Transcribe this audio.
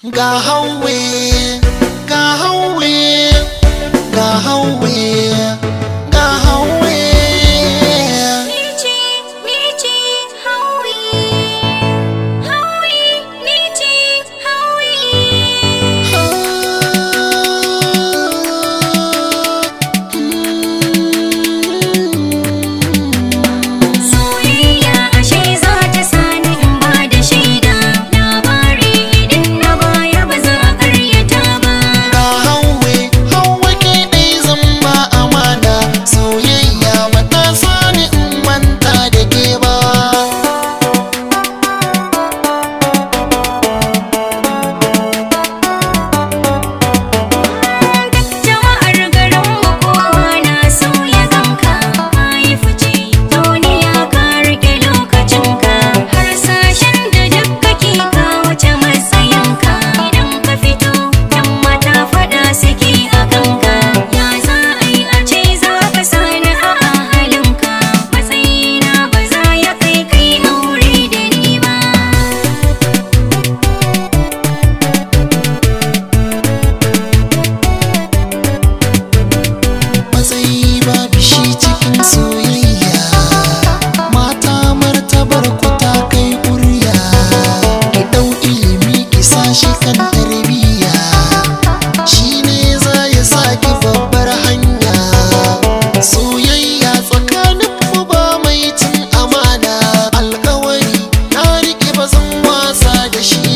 Go away, go. hauwe wasa da shi